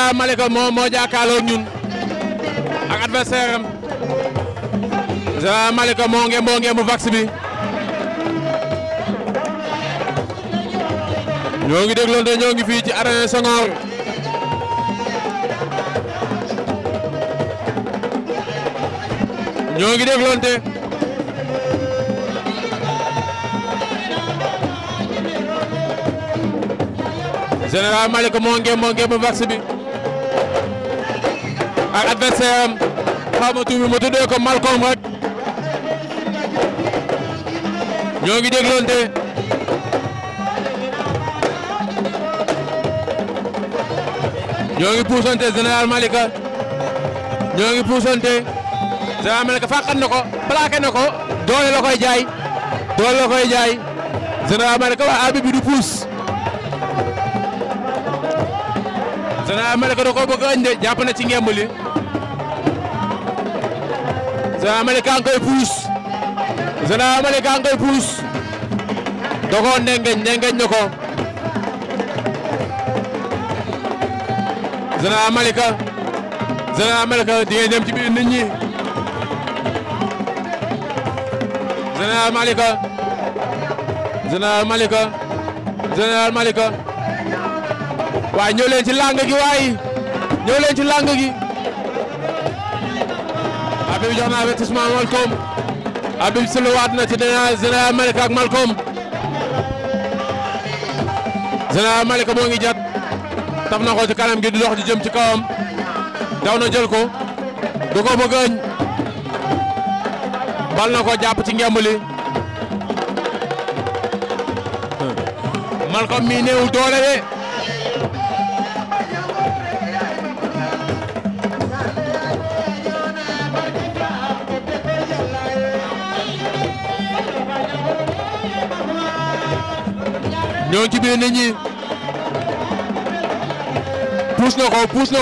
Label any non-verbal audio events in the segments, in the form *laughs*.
Général Malika moo moo jàkkaarloo ñun ak adversaire ñoo ngi dégloon ñoo ngi fii ci arène Senghor ñoo ngi dégloon Général Malika moo nge mu vax ak adversaire am tuubi ma tuddee ko Malcom rek ñoo ngi dégloonte ñoo ngi puusante général Malika ñoo ngi puusante général Malika fàqat na ko plaqué na ko koy jaay doole la koy jaay général Malika waa abi bi du puus daa mel ne da koo bëgg a ëñ de jàpp na ci ngemb li Général Malika nga koy puus Général Malika nga koy puus dogoo ndengeñ ndengeñ na ko Malika Général Malika di ci biir nit ñi Malika Général Malika waaye ñëw leen ci làng gi waaye ñëw leen ci làng gi Habib jox na avertissement Malcom Habib suluwaat na ci Général Malika ak Malcom Général Malika moo ngi jat taf na ko ci kanam gi di dox di jëm ci kawam daw na jël ko du ko bal na ko jàpp ci ngemb li mi néew doole de ñoo ci biir nit ñi puus na puus na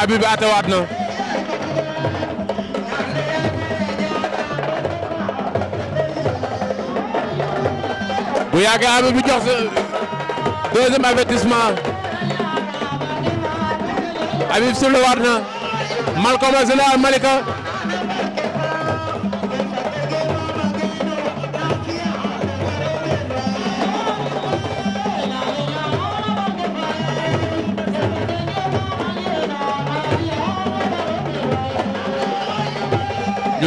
abi bi atewaat na bu yàggee abi bi jox deuxième avertissement abi bi suluwaat na Malcom ak Général Malika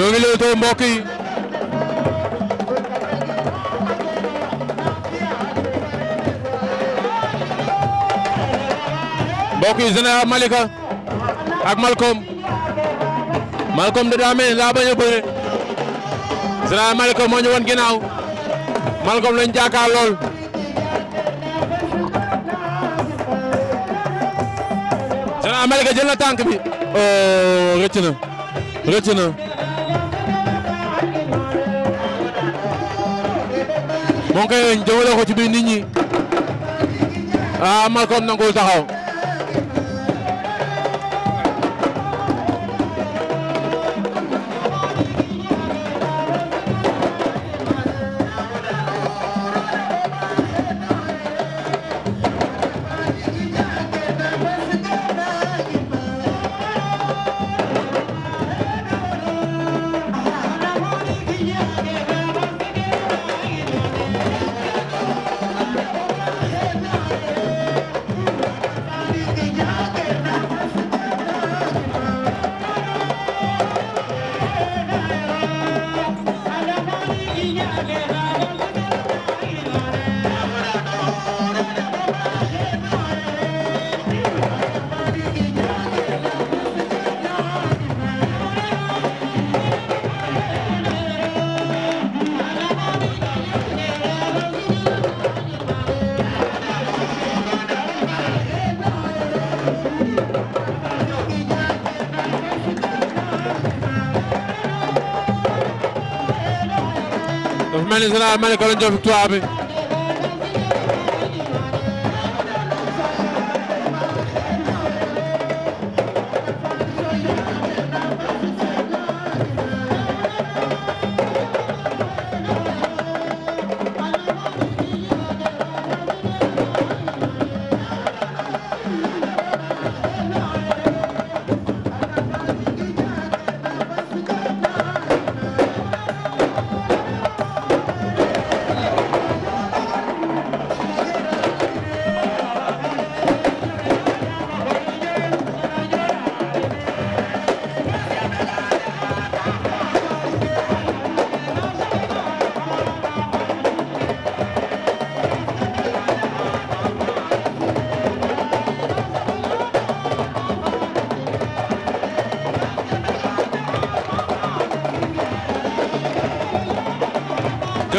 ñoo ngi leetoo mbokk yi mbokk yi Malika ak Malcom Malcom da daa laa bañ a bëre général Malika moo ñu woon ginnaaw Malcom lañ jaakaar lool général Malika jël na tànk bi oh rëcc na rëcc na moo ngi koy jëmale ko ci biir nit ñi ah Malcom nangul taxaw. ne général Malika lañ jox victoire bi.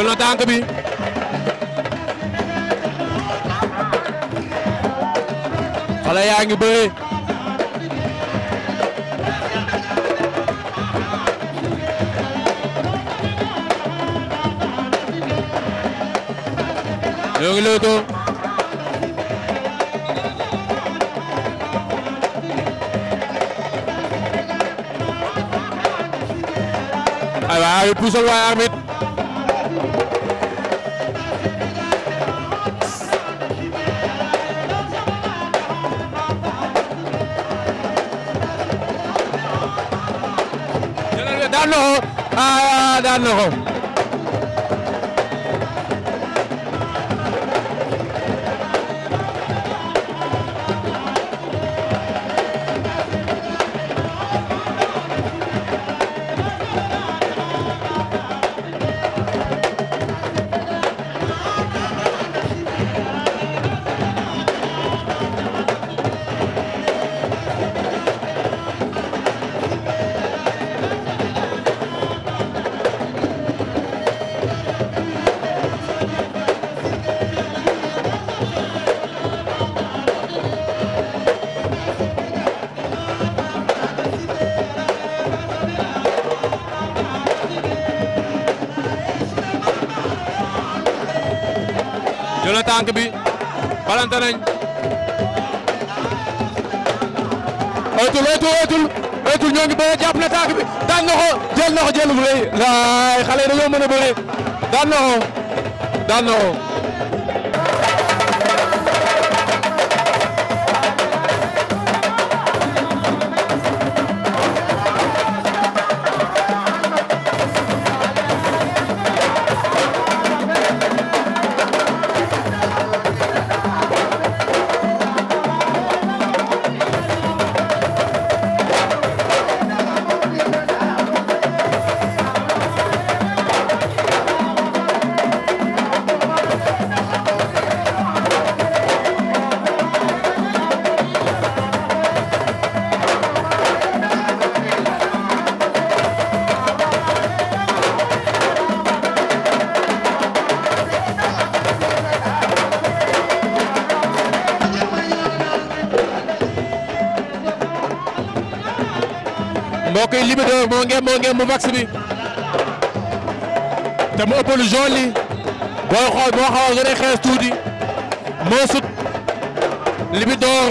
jël na tànk bi xale yaa ngi bëre ñoo ngi lewtoo ay waay puusal waay arbitre na ko ah daan na ko jàppante nañ oytul oytul oytul oytul ñoo ngi bëre jàpp na tànk bi daan na ko jël na ko jël bu rëy laay xale yi dañoo mën a bëre daan na ko daan na ko moo ngeem moo ngeem bu mu ëpp lu jaune li booy xool boo xaw a gën a xees tuuti moo sut Libidor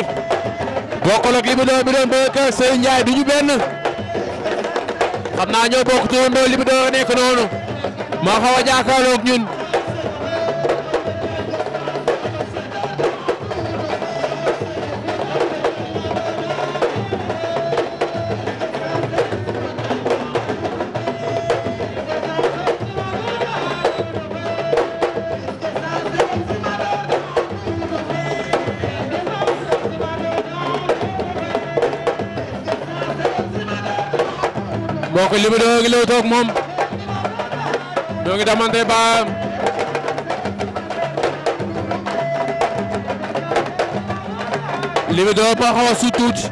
bokkul ak bi doon bëgg ak Seydou Ndiaye du ñu benn xam naa ñoo bokk tuuti Libidor nekk noonu moo xaw a ñun. ko Libidor ngi lew toog moom ñoo ngi damante baam Libidor ba xaw a su tuuti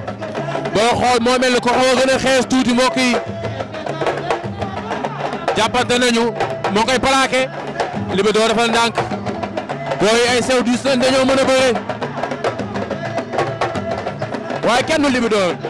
boo xool moo mel ni ko xaw gën a xees tuuti mbokk yi jàppante nañu moo koy plaqué Libidor dafa ndànk booy ay sew diis nañ dañoo mën a bëre waaye kenn du Libidor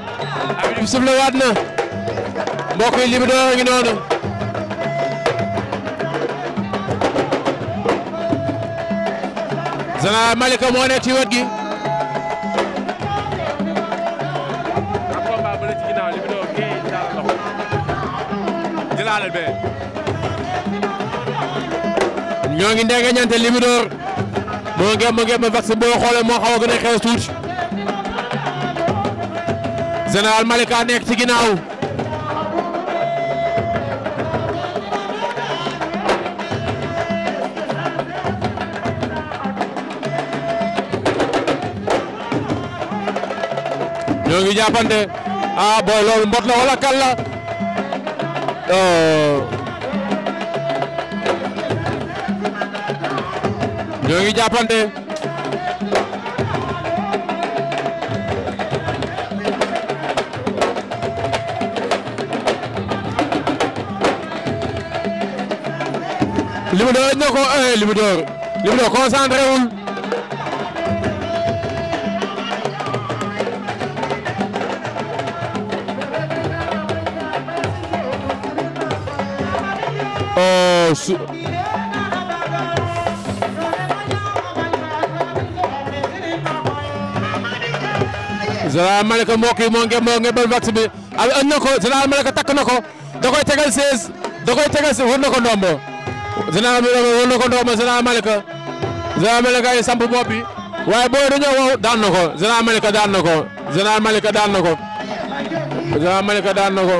bi sifle waat na mbokk yi Libidor a ngi noonu Général Malika moo nekk ci wet gi ñoo ngi ndege ñante Libidor moo ngemb ngemb vaccin boo xoolee moo xaw a gën a xees tuuti général Malika nekk ci ginnaaw ñoo ngi jàppante ah booy mbot la wala kal la oh. ñoo ngi jàppante Libidor dañ na ko eh Libidor Libidor concentré wul oh su Général Malika mbokk yi moo bal vax bi am na ko Général Malika takk na ko da koy tegal 16 da koy tegal 16 war na ko général bi woon na ko ndox ay samp bopp bi waaye booy dañoo wow daan ko général Malika daan na ko général Malika daan na ko général Malika daan na ko.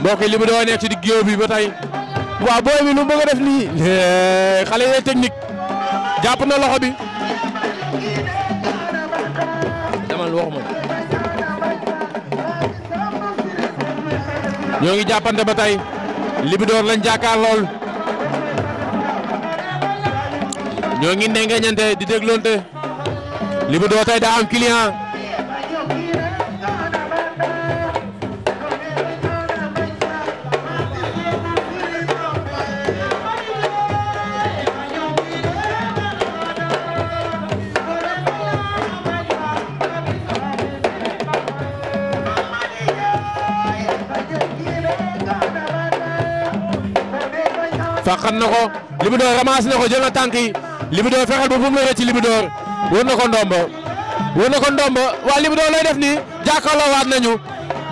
mbokk yi nekk ci di géew ba tey waaw booy bi lu bëgg a def nii *laughs* xale yee technique jàpp na loxo bi. ñoo ngi jàppante ba tey Libidor lañ jàkkaar lool ñoo ngi ndengeñante di dégloonte Libidor tey daa am client fàqan na ko Libidor ramasse na ko jël na tànk yi Libidor fexeel ba bu mu rëcc Libidor wër na ko ndomba wër na ko ndomba waa Libidor lay def nii jàkkaarloo waat nañu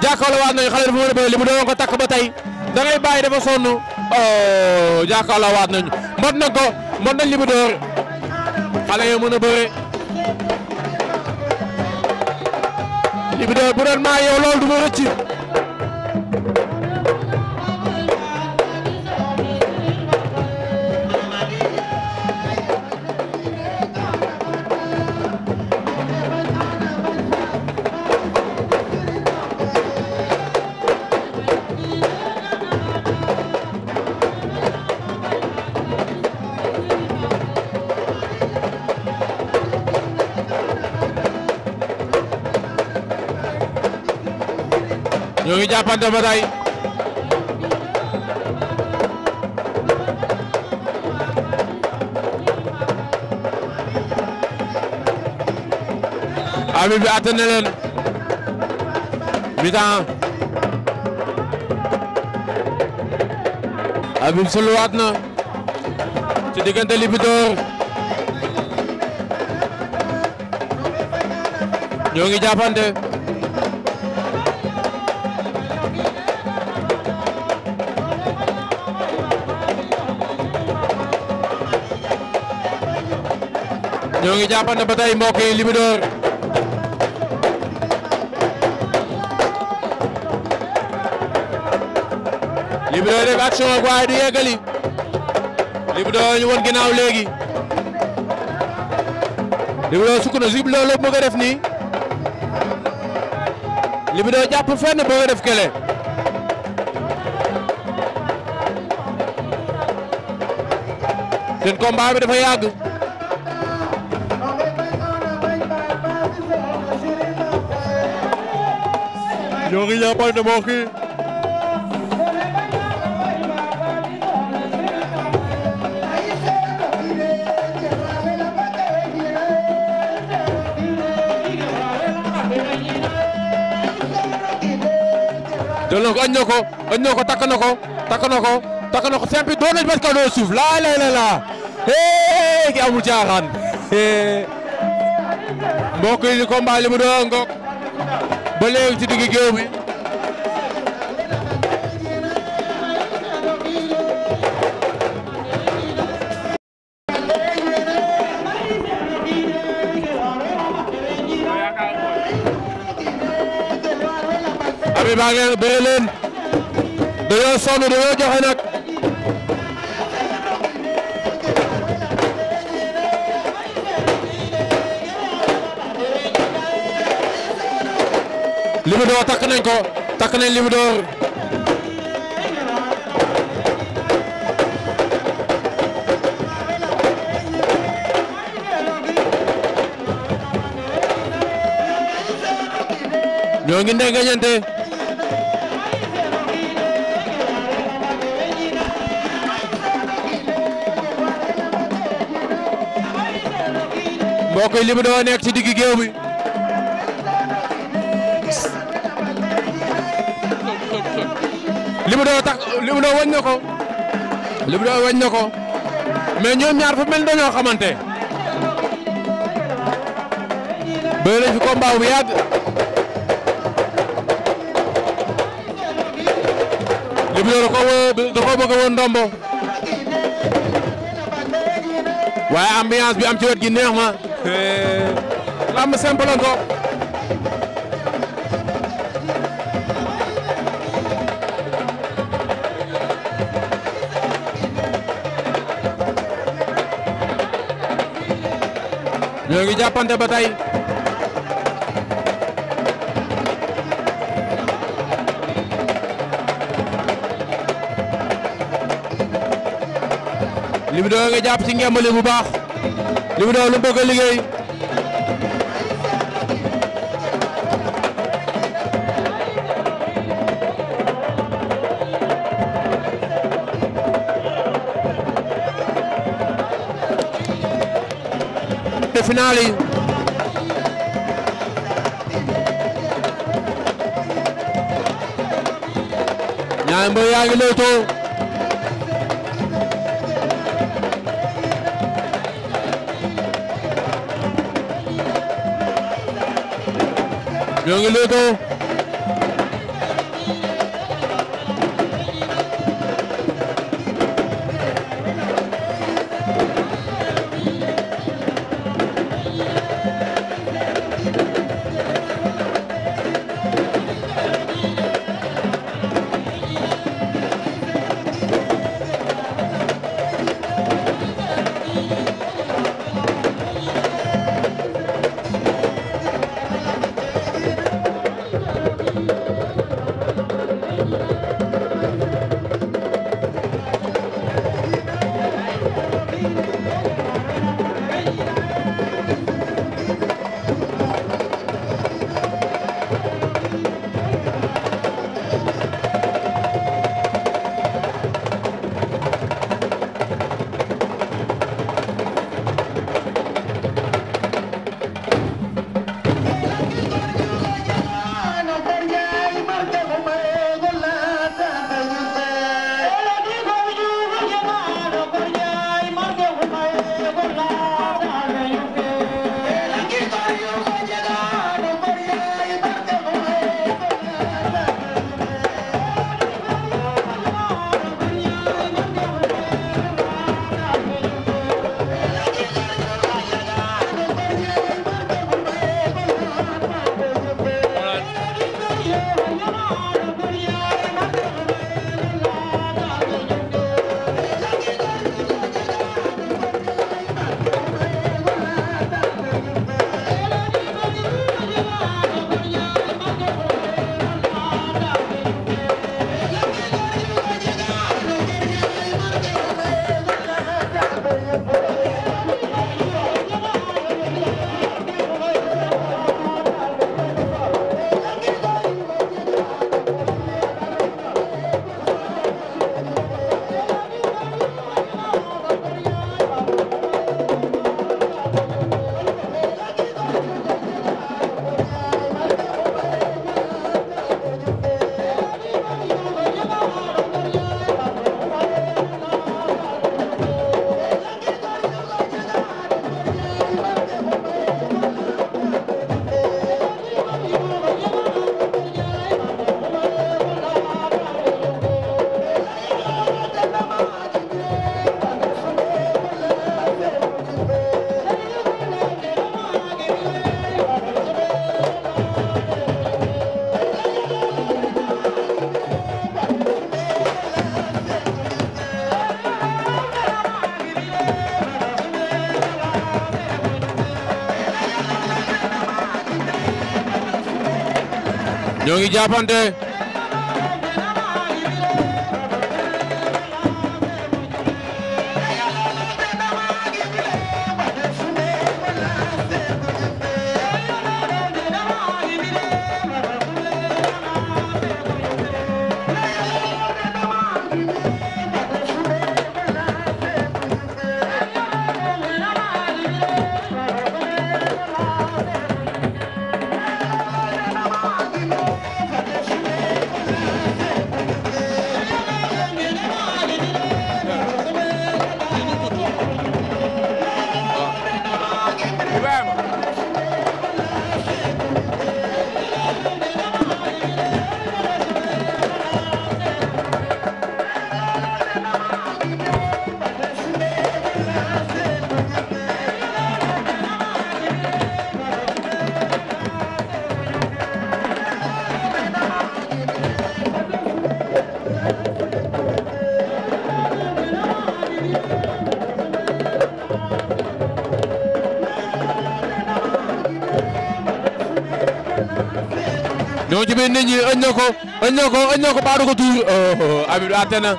jàkkaarloo waat nañu xale dafa mën a bëri Libidor ko takk ba tey da ngay bàyyi dafa sonn oh jàkkaarloo waat nañu mot na ko mot nañ Libidor xale yoo mën a bëre Libidor bu doon maa yow loolu du ma rëcc jàppante ba tey abi bi atene leen mi-temps abi bi suluwaat na ci diggante Libidor ñoo ngi jàppante ñoo ngi jàppante ba tey mbokk yi Libidor Libidor def action ak waaye du yeggali Libidor ñu won ginnaaw léegi Libidor sukk na Libidor lépp bëgg a def nii Libidor jàpp fenn bëgg a def kele seen combat bi dafa yàgg. Yori na ko añ ko añ ko takk na ko takk na ko takk doon nañu parce que doo suuf laa lay laa hee ki amul caaxaan mbokk yi combat li mu doon ngoog ba léegi ci digg géew bi abi baa ngeen bëre leen dañoo sonn dañoo joxe nag Libidor takk nañ ko takk nañ Libidor ñoo ngi nekk ci digg géew Libou Doo Doo wañ na ko Libou Doo wañ na ko mais ñoom ñaar mel dañoo xamante bëri nañ fi combat bu yàgg Libou Doo da ko wë da ko bëgg woon ndombo waaye ambiance bi am ci wet gi neex ma lamb simple ko ñoo ngi jàppante ba tey Libido nga jàpp ci ngembali bu baax Libido lu mu bëgg a liggéey final yi ñaari mbër yaa ngi lewtoo ñoo ngi lewtoo ñoo ngi jàppante bi nit ñi ëñ na ko ëñ na ko ëñ na ko baadu ko tuur oh, abib atte na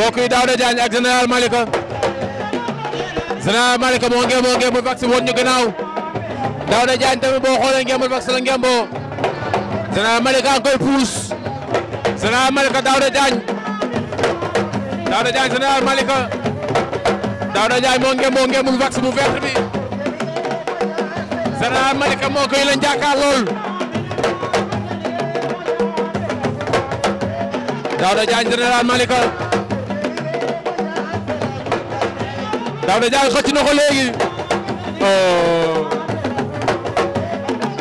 mbokk yi Daouda Diagne ak général Malika général Malika moo ngi moo ngi Malika a koy puus Malika Daouda Diagne moo koy la jàkkaar lool Daouda Diagne xëcc na ko léegi oh.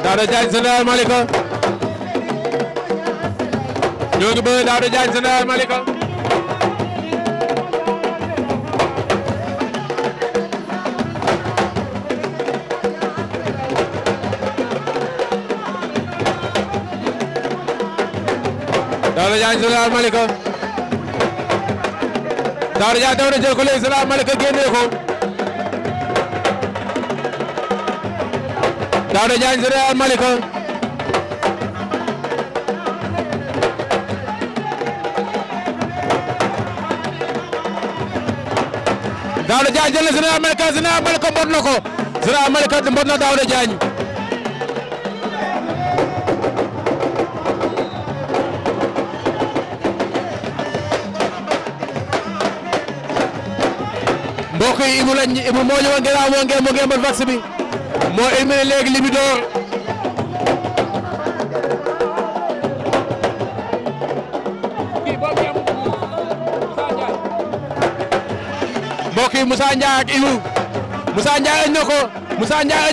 Daouda Diagne Général Malika ñoo ngi bëgg Daouda Diagne Général Malika Daouda Diagne Général Malika Daouda Ndiaye daw na jël ko léegi Général Malika génnee ko Daouda Ndiaye Général Malika Daouda na Général Malika Général Malika mbot na ko mbokk yi Ibou lañ moo ñëwoon gannaaw moo ngeen moo ngeen mën moo éliminé léegi Libidor mbokk yi Moussa Ndiaye ak Ibou Moussa Ndiaye añ na ko Moussa Ndiaye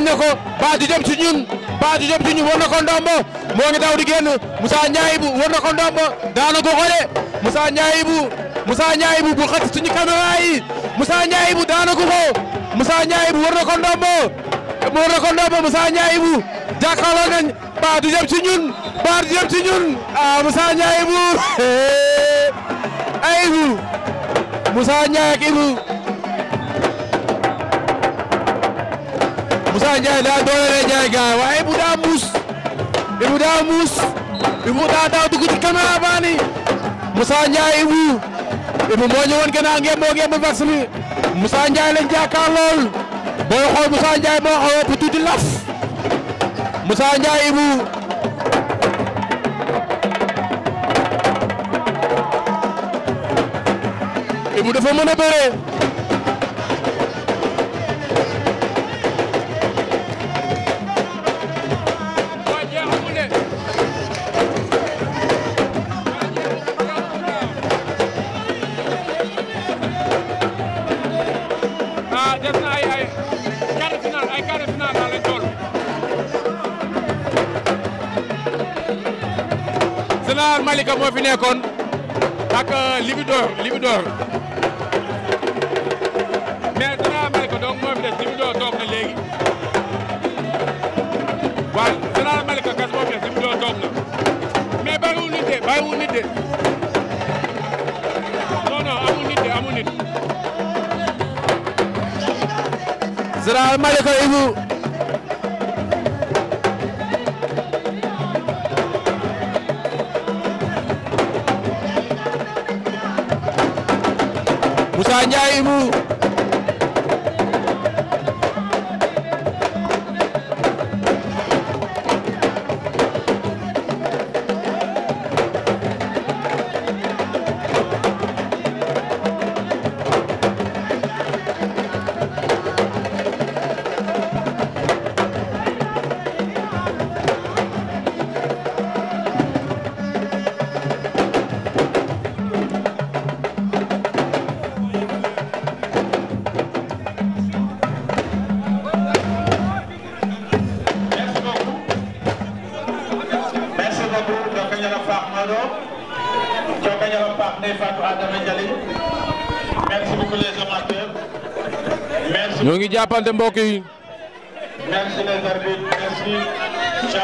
ci ñun baa du jëm ci ñun war na ko ndombo moo ngi daw di génn Moussa Ndiaye Ibou war na ko ndombo daana ko xole Moussa Ndiaye Ibou Moussa Ndiaye Ibou bu xat suñu caméra yi Moussa Ndiaye Ibou daanagu ko Moussa Ndiaye Ibou war na ko ndombo war na ko ndombo Moussa nañ ba du jëm ci ñun ba du jëm ci ñun ah Moussa Ndiaye Ibou *laughs* ay Ibou Moussa Ndiaye ak Ibou Moussa Ndiaye daa doole lay jaay gaay waaye Ibou daa muus Ibou daa muus Ibou daa daw dugg ci caméra baa ni Moussa Ibou moo ñëwoon gannaaw ngeen moo ngeen vax bi Moussa Ndiaye lool booy xool Moussa Ndiaye moo xaw a laf Moussa Ndiaye Ibou Ibou dafa mën a bëre Malika moo fi nekkoon ak euh, Libidor Libidor mais Général Malika donc moo fi des Libidor léegi waaw Général Malika gas moo fi des Libidor toog na mais bàyyiwul nit de bàyyiwul non non amul nit de amul nit. Général Malika Paa Njaay Ibou ngi jàppante mbokk yi. merci les arbitres merci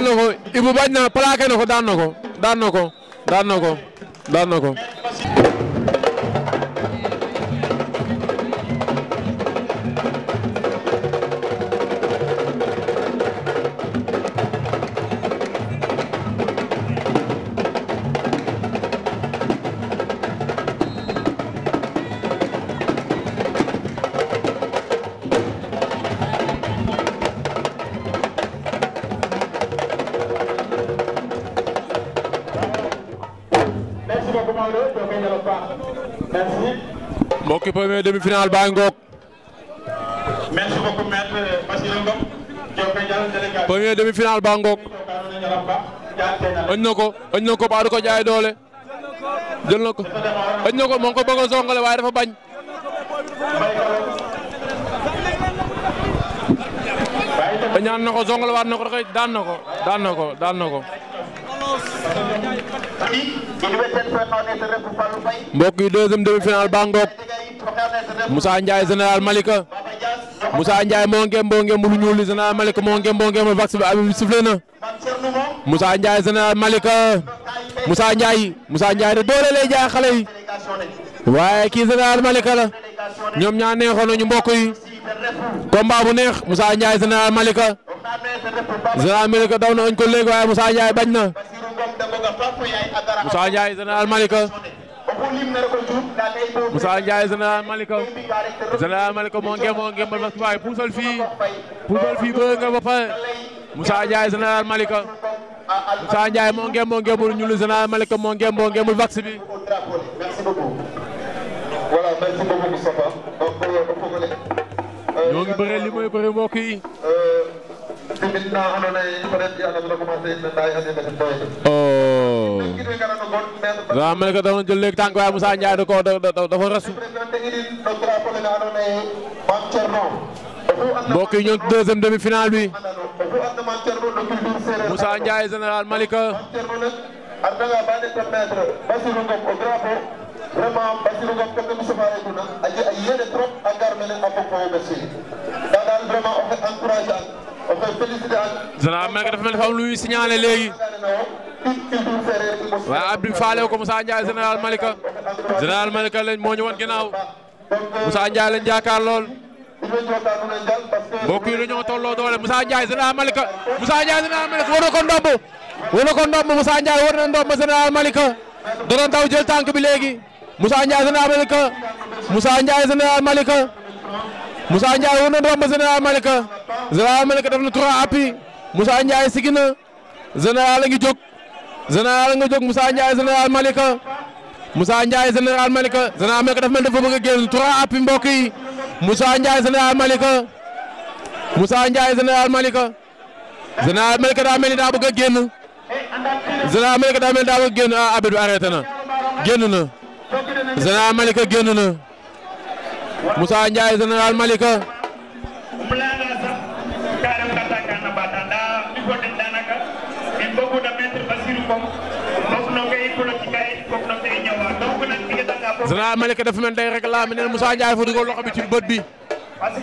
na ko Ibou bañ na plaqué na ko daan na ko daan na daan na ko. ñëwee demi-finale baa ngoog. merci beaucoup premier demi-finale baa ngoog. ëñ na ko añ na ko baa ko jaay doole. jël na ko ëñ na ko moo ngi ko bëgg a waaye dafa bañ. ñaan na ko songale waat na ko da daan na ko daan na ko daan na ko. demi-finale baa ngoog. Moussa Ndiaye général Malika Moussa Ndiaye moo ngeem boo ngeem Malika moo ngeem boo ngeem vax bi abi bi Malika Moussa Ndiaye Moussa Ndiaye de doole lay jaay xale waaye kii général Malika ñoom ñaa neexoon nañu mbokk yi combat neex Moussa Ndiaye général Malika général Malika daw na ñu ko léegi waaye Moussa Ndiaye bañ na Moussa Ndiaye général Malika Moussa Ndiaye général Malika général Malika moo ngi moo ngi mbal fas waaye puusal fii puusal fii bëgg nga ba pare Moussa Ndiaye général Malika Moussa Ndiaye moo ngi moo ngi mbal ñuul général Malika moo ngi moo ngi mbal vax bi. voilà merci beaucoup Moustapha. ñoo ngi bëre li mooy bëre mbokk yi. Euh, siminna andoona yee peut demi finale bi Moussa Ndiaye général Malika général Malika dafa lu ñuy léegi waaye Abdou faale ko Moussa Ndiaye général Malika général Malika lañ moo ñu wan ginnaaw Moussa jaakaar lool mbokk yi dañoo tolloo doole Moussa Ndiaye général Malika Moussa Ndiaye général Malika war na ko ndomb war na général Malika doon daw jël tànk bi léegi Moussa Ndiaye général Malika Moussa Ndiaye général Malika Moussa Ndiaye war na romb général Malika général Malika def na trois appuis Moussa Ndiaye sigi na général a ngi jóg général a ngi jóg Moussa Ndiaye général Malika Moussa Ndiaye général Malika général Malika dafa mel dafa bëgg a génn trois appuis mbokk yi Moussa Ndiaye général Malika Moussa Ndiaye général Malika général Malika daa mel ni daa bëgg a génn général Malika daa mel ni daa bëgg a génn ah arbitre bi arrêté na génn na général Malika génn na. Moussa Ndiaye général Malika général Malika dafa mel day rek laa mi neen Moussa Ndiaye fa dugal loxo bi ci bët bi parce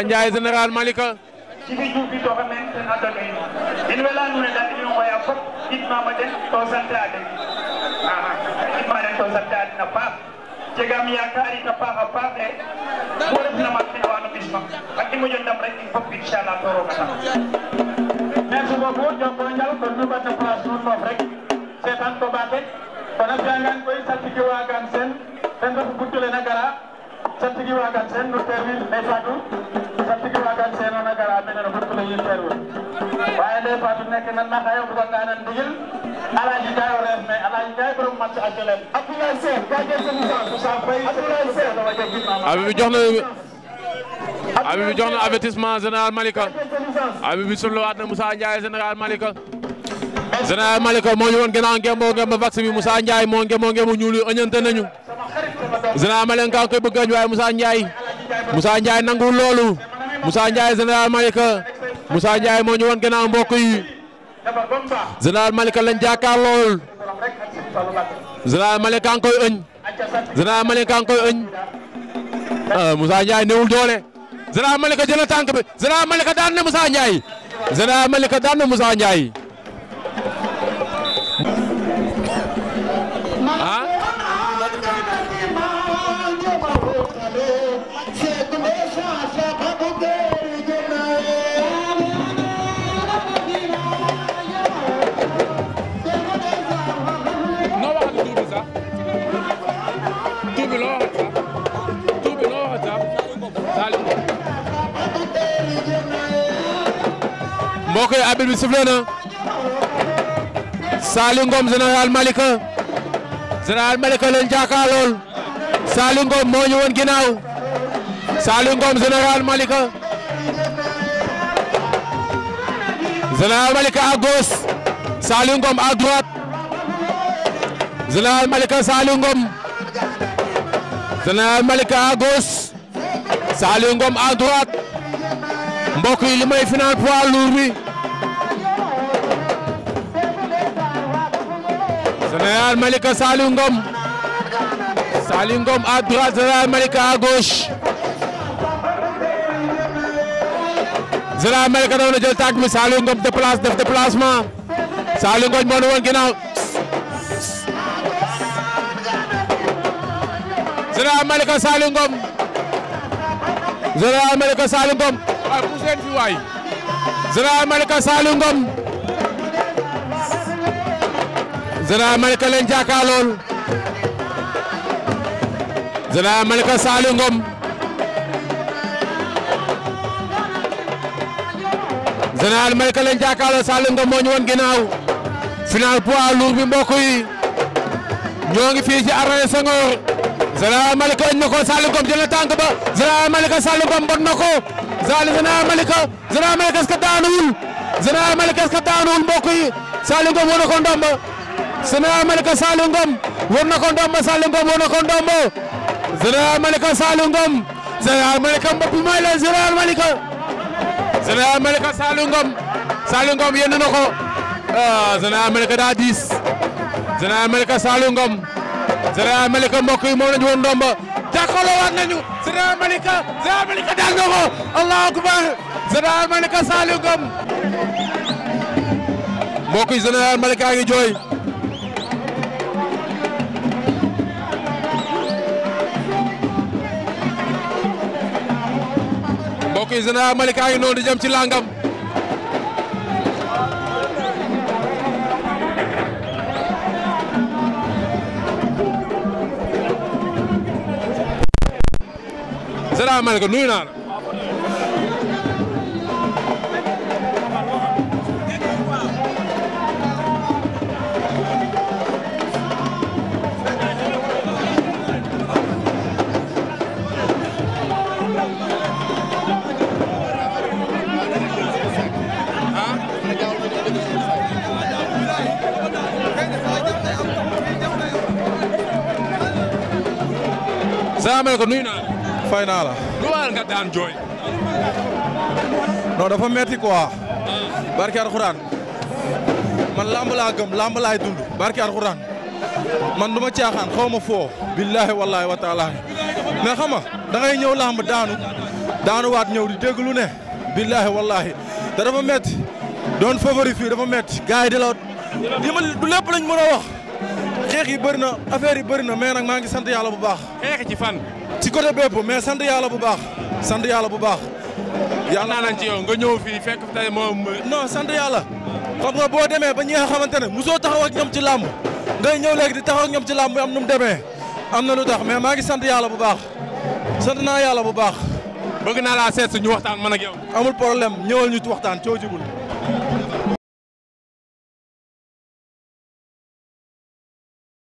que général Malika cifijuuɓi to homen ten addano in min welanune dande min goya fof itmama ɗen to sante aden itma ɗen to sante adena paaf jegam yakari no paaxa paaxe wo refnama mene wano a hakke moƴo ndam rek in fof inchallah to roga tam merci beaucoup joko njal ko nuɓata place nun moof rek setan to ɓaate kono fiyangan koy sattigi wagan sen ten ref guddule na gara sattigi wagan sen no terwil ne fadu sattigi ɓaddantenonagaramiɗen gortulo yimɓere woni wawi ley fatu nekke général malika abibi surlowaat na moussa ndiaye général malika général malika moo ñu woon gannaaw ngembo ngembo vaccin bi moussa ndiaye moo ngembo ngembo ñuul yi ëñante nañu général malika koy bëgg añ waaye moussa ndiaye nangu loolu Moussa Ndiaye général Malika Moussa Ndiaye moo ñu woon gannaaw mbokk yi général Malika lañ jàkkaar lool Malika a ngi koy ëñ général Malika a ngi koy ëñ ah doole général Malika tànk bi général Malika daan na Moussa Ndiaye général Malika daan na Moussa Ndiaye. mbokk yi arbitre bi sifflé na Malika général Malika leen jàkkaarlool Saliou Ngom moo ñu woon ginnaaw Malika général Malika à gauche Saliou Ngom Malika Saliou Ngom général mbokk yi li may final poids lourd bi Malika Saliou Ngom Saliou Malika à gauche Malika daw na jël bi Saliou def déplacement Saliou Ngom moo ne woon ginnaaw waay pousseen fi waay Général Malika Saliou Ngom Général Malika leen jàkkaarlool Général Malika Saliou Ngom Général Malika leen jàkkaarlool Saliou ñoo ngi fii ci arène Senghor Général Malika ëñ na ko Saliou Ngom ba Général Malika Saliou Ngom mbot Saly Général Malika Général Malika est-ce que daanuwul Général Malika est-ce que daanuwul mbokk yi Saly Ngom war na ko ndomba Général Malika Saly Ngom war na ko ndomba Saly Ngom war na ko ndomba Général Malika Saly Ngom Général Malika mboppi mooy la Général Malika Général Malika Saly Ngom Saly Ngom yenn na ko ah Général Malika daa diis Général Malika Saly Ngom Général Malika mbokk yi moom la ñu woon ndomba jàkkaarloo waat nañu Général Malika Général Malika daan akbar Général Malika Saliou Ngom mbokk yi Général jooy mbokk yi Général Malika a di jëm ci langam Ibrahima Malika nuyu naa la. salaamaaleykum nuyu naa fay naa la. lu waral nga daan jooy. non ah. man lamb gëm lamb laay dund. barke alxuraan man du ma caaxaan xaw ma foo. billaahi wallaahi wa taala mais xam nga da ngay ñëw lamb daanu daanu waat ñëw di dégg lu ne. billaahi wallaahi te dafa metti doon favori fii dafa metti gars yi di ma du lépp lañ mën a wax xeex yi bëri na affaire yi bëri na mais nag maa ngi sant yàlla bu baax. ci côté bépp mais sant yàlla bu baax sant yàlla bu baax. yàlla nañ ci yow nga ñëw fii fekk tey moom. non sant yàlla xam nga boo demee ba ñi nga xamante ne mosoo taxaw ak ñoom ci làmb ngay ñëw léegi di taxaw ak ñoom ci làmb am nu mu demee am na lu tax mais maa ngi sant yàlla bu baax sant naa yàlla bu baax. bëgg naa laa seet ñu waxtaan man ak yow. amul problème ñëwal ñu waxtaan coo jubul.